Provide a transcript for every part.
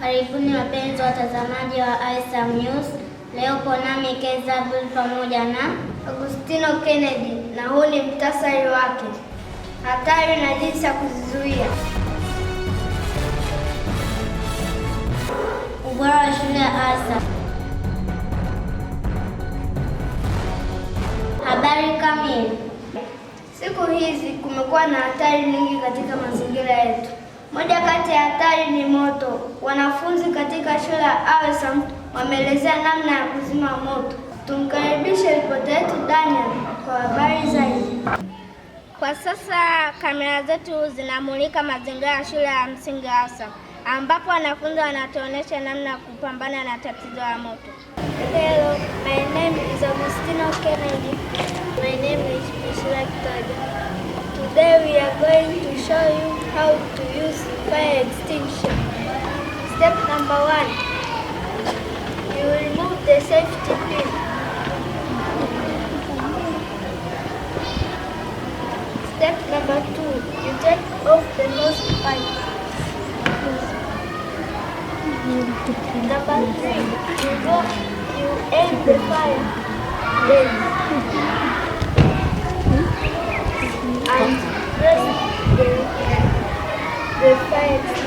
Karibuni wapenzi watazamaji wa ISAM News. Leo po nami Kezabul pamoja na Agustino Kennedy, na huu ni mtasari wake. Hatari na jinsi ya kuzizuia. Ubora wa shule ya ISAM Habari kamili. Siku hizi kumekuwa na hatari nyingi katika mazingira yetu. Moja kati ya hatari ni moto. Wanafunzi katika shule ya Awesome wameelezea namna ya kuzima moto. Tumkaribishe ripota yetu Daniel kwa habari zaidi. Kwa sasa kamera zetu zinamulika mazingira ya shule ya msingi Awesome ambapo wanafunzi wanatuonyesha namna ya kupambana na tatizo la moto. Hello, my name is Agustino Kennedy. My name is Priscilla Kitaja. Today we are going to show you how to use fire extinction. Step number one, you remove the safety pin. Step number two, you take off the nose pipe. Number three, you go, you aim the fire. Then, and press the, the fire.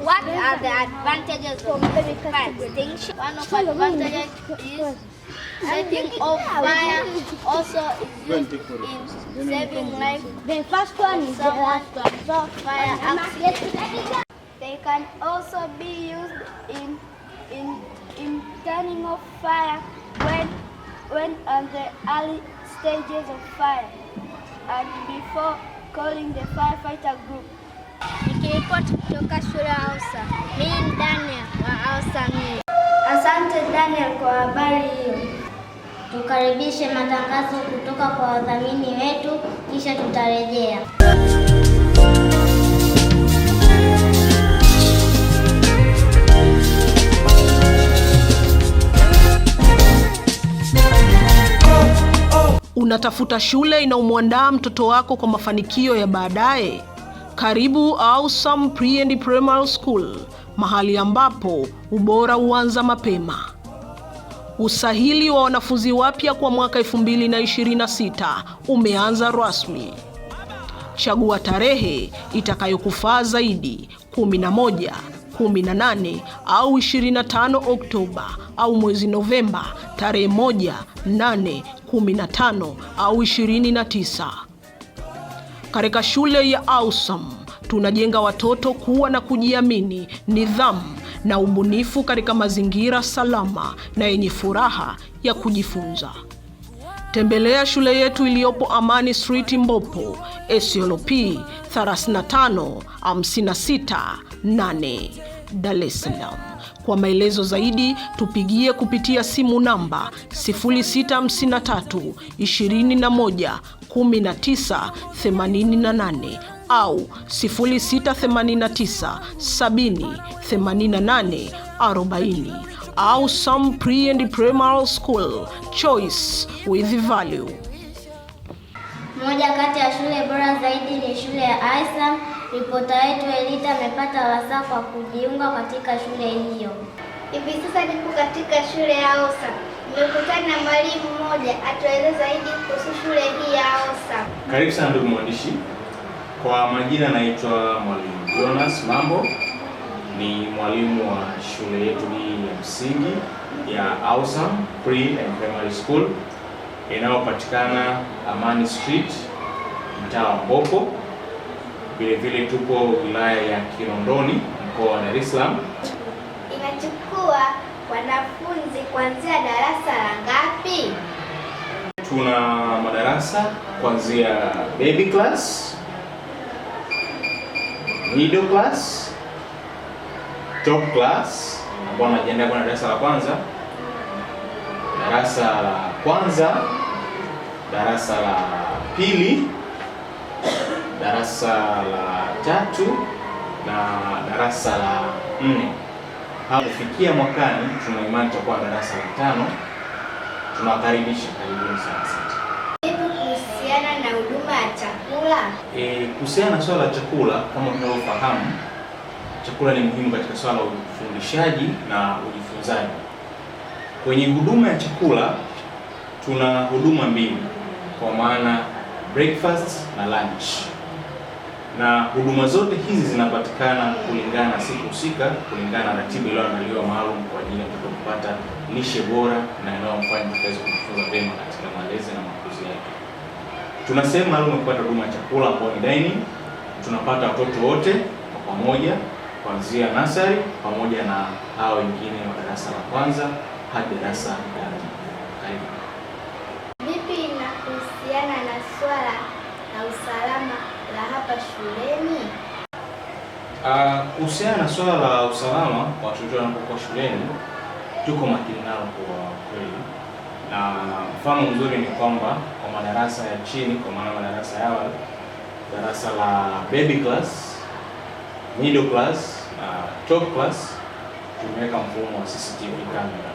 What are the advantages of fire extinction? One of the advantages is setting off fire also is used in saving life. The first one is someone to absorb fire accident. They can also be used in in in turning off fire when when on the early stages of fire and before calling the firefighter group. Nikiripoti kutoka shule ya Hausa, mimi ni Daniel wa Hausa Media. Asante Daniel kwa habari hiyo. Tukaribishe matangazo kutoka kwa wadhamini wetu, kisha tutarejea. Unatafuta shule inayomwandaa mtoto wako kwa mafanikio ya baadaye? Karibu Awesome Pre and Primary School, mahali ambapo ubora huanza mapema. Usahili wa wanafunzi wapya kwa mwaka 2026 umeanza rasmi. Chagua tarehe itakayokufaa zaidi, 11, 18 au 25 Oktoba au mwezi Novemba, tarehe 1, 8, 15 au 29. Katika shule ya AUSAM tunajenga watoto kuwa na kujiamini, nidhamu na ubunifu katika mazingira salama na yenye furaha ya kujifunza. Tembelea shule yetu iliyopo Amani Street Mbopo, SLP 35568 Dar es Salaam. Kwa maelezo zaidi tupigie kupitia simu namba 0653 21 19 88 au 0689 au Some Pre and Primary School Choice with Value. Moja kati ya shule bora zaidi ni shule ya Islam Ripota yetu Elita amepata wasaa kwa kujiunga katika shule hiyo. Hivi sasa nipo katika shule ya Osa. Nimekutana na mwalimu mmoja atueleza zaidi kuhusu shule hii ya Osa. Karibu sana ndugu mwandishi. Kwa majina naitwa mwalimu Jonas Mambo, ni mwalimu wa shule yetu hii ya msingi ya Ausa Pre and Primary School inayopatikana Amani Street, mtaa wa Mboko vile vile tupo wilaya ya Kinondoni mkoa wa Dar es Salaam. Inachukua wanafunzi kuanzia darasa la ngapi? Tuna madarasa kuanzia baby class, middle class, top class ambao anajenda kwa darasa la kwanza, darasa la kwanza, darasa la pili darasa la tatu na darasa la nne. Kufikia mwakani, tuna imani tutakuwa darasa la tano. Tunawakaribisha, karibuni sana sana. Kuhusiana na huduma ya chakula, e, kuhusiana na swala la chakula, kama tunavyofahamu, chakula ni muhimu katika swala la ufundishaji na ujifunzaji. Kwenye huduma ya chakula tuna huduma mbili kwa maana breakfast na lunch na huduma zote hizi zinapatikana kulingana na siku husika, kulingana na ratiba iliyoandaliwa maalum kwa ajili ya mtoto kupata lishe bora na inayomfanya mtoto aweze kujifunza vyema katika malezi na makuzi yake. Tuna sehemu maalum ya kupata huduma ya chakula ambayo ni dining. Tunapata watoto wote kwa pamoja kuanzia nasari pamoja na hao wengine wa darasa la kwanza hadi darasa la shuleni? Ah, kuhusiana na swala la usalama watoto wanapokuwa shuleni, tuko makini nao kwa kweli, na mfano mzuri ni kwamba kwa madarasa ya chini, kwa maana madarasa ya awali, darasa la baby class, middle class na top class, tumeweka mfumo wa CCTV camera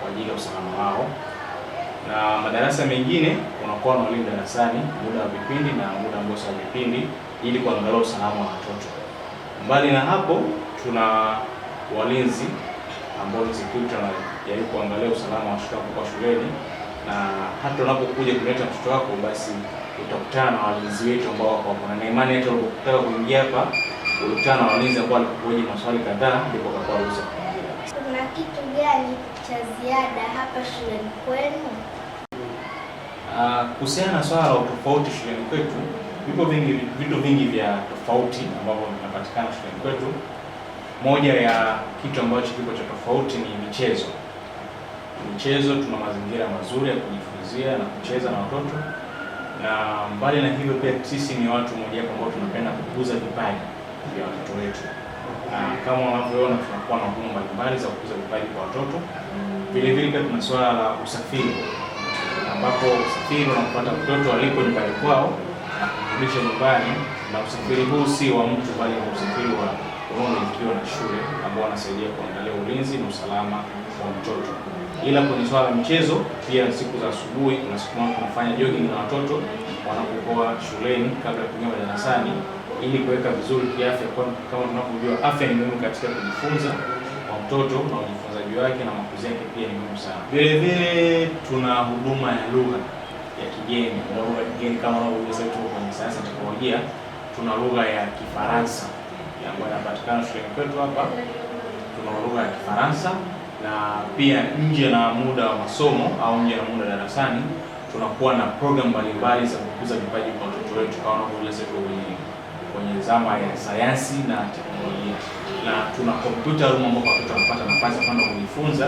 kwa ajili ya usalama wao na madarasa mengine unakuwa na walimu darasani muda wa vipindi na muda mgoso wa vipindi ili kuangalia usalama wa watoto. Mbali na hapo, tuna walinzi ambao ni security wanajaribu kuangalia usalama wa watoto kwa shuleni, na hata unapokuja kuleta mtoto wako, basi utakutana na walinzi wetu ambao wako hapo, na imani yetu ulipotaka kuingia hapa ulikutana na walinzi ambao walikuja maswali kadhaa, ndipo akakuwa ruhusa Kuna kitu gani cha ziada hapa shuleni kwenu? Uh, kuhusiana na swala la utofauti shuleni kwetu Vipo vingi vitu vingi vya tofauti ambavyo vinapatikana shuleni kwetu. Moja ya kitu ambacho kipo cha tofauti ni michezo. Michezo, tuna mazingira mazuri ya kujifunzia na kucheza na watoto, na mbali na hivyo pia sisi ni watu moja ambao tunapenda kukuza vipaji vya watoto wetu, kama unavyoona tunakuwa na huduma mbalimbali za kukuza vipaji kwa watoto. Vile vile pia tuna swala la usafiri, ambapo usafiri unampata mtoto alipo nyumbani kwao kurudisha nyumbani, na usafiri huu si wa mtu bali ni usafiri wa ikiwa na shule ambao wanasaidia kuangalia ulinzi na usalama wa mtoto. Ila kwenye swala la michezo pia, siku za asubuhi kuna siku moja tunafanya jogging na watoto wanapokuwa shuleni kabla ya kuingia madarasani, ili kuweka vizuri kiafya, kwa kama tunavyojua afya ni muhimu katika kujifunza kwa mtoto na ujifunzaji wake na makuzi yake pia ni muhimu sana. Vile vile tuna huduma ya lugha mgeni. Lugha mgeni kama lugha zetu kwenye sayansi na teknolojia, tuna lugha ya Kifaransa ambayo inapatikana shuleni kwetu hapa, tuna lugha ya Kifaransa na pia nje na muda wa masomo au nje na muda darasani tunakuwa na program mbalimbali za kukuza vipaji kwa watoto wetu kama wanavyokuja sasa kwenye kwenye zama ya sayansi na teknolojia, na tuna computer room ambapo watoto wanapata nafasi ya kwenda kujifunza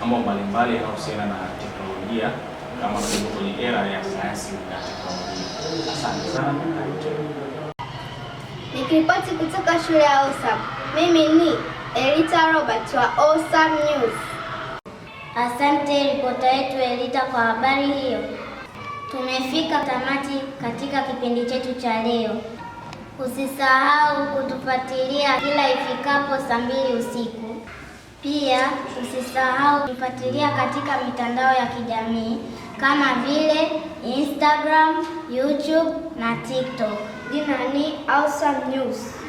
mambo mbalimbali yanayohusiana na teknolojia kama tuko kwenye era ya sayansi na teknolojia. Asante sana. Nikiripoti kutoka shule ya OSAM, mimi ni Elita Robert wa OSAM News. Asante ripota yetu Elita kwa habari hiyo. Tumefika tamati katika kipindi chetu cha leo. Usisahau kutufuatilia kila ifikapo saa mbili usiku. Pia usisahau kutufuatilia katika mitandao ya kijamii kama vile Instagram, YouTube na TikTok. Jina ni Awesome News.